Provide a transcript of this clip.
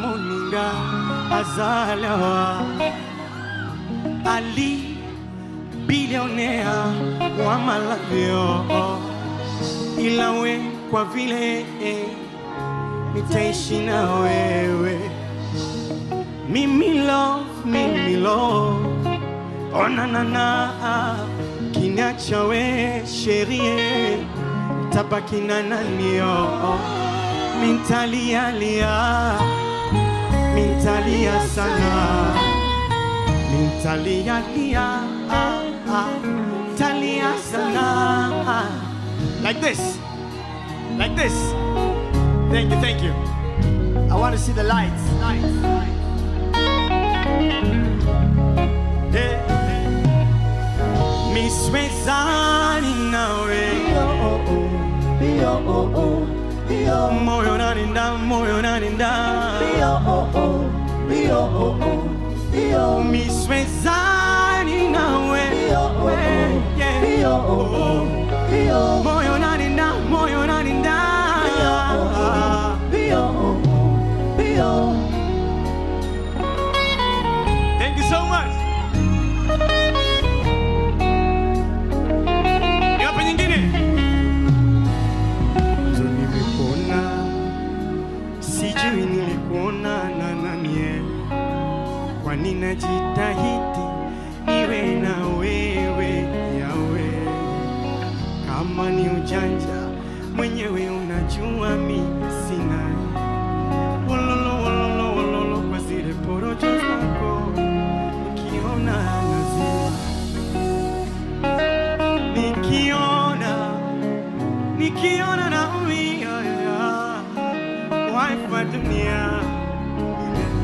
moninga azalawa ali bilionea wa Malawi, ilawe kwa vile nitaishi na wewe. Mimi love, mimi love, na sherie, tabaki na nanio oh, oh. Mintalia sana Mintalia dia ah, Talia sana Like this Like this Thank you, thank you I want to see the lights Lights, lights hey. Miswezani nawe Yo, oh, oh Yo, oh, oh Yo, oh, oh unaninda, moyo unaninda. Bio oh oh, bio oh Miswezani nawe, sielewi nilikuonana na mie, kwani najitahidi niwe na wewe yawe, kama ni ujanja mwenyewe unajua, mi sina wololo wololo nikiona nikiona wife, my dear.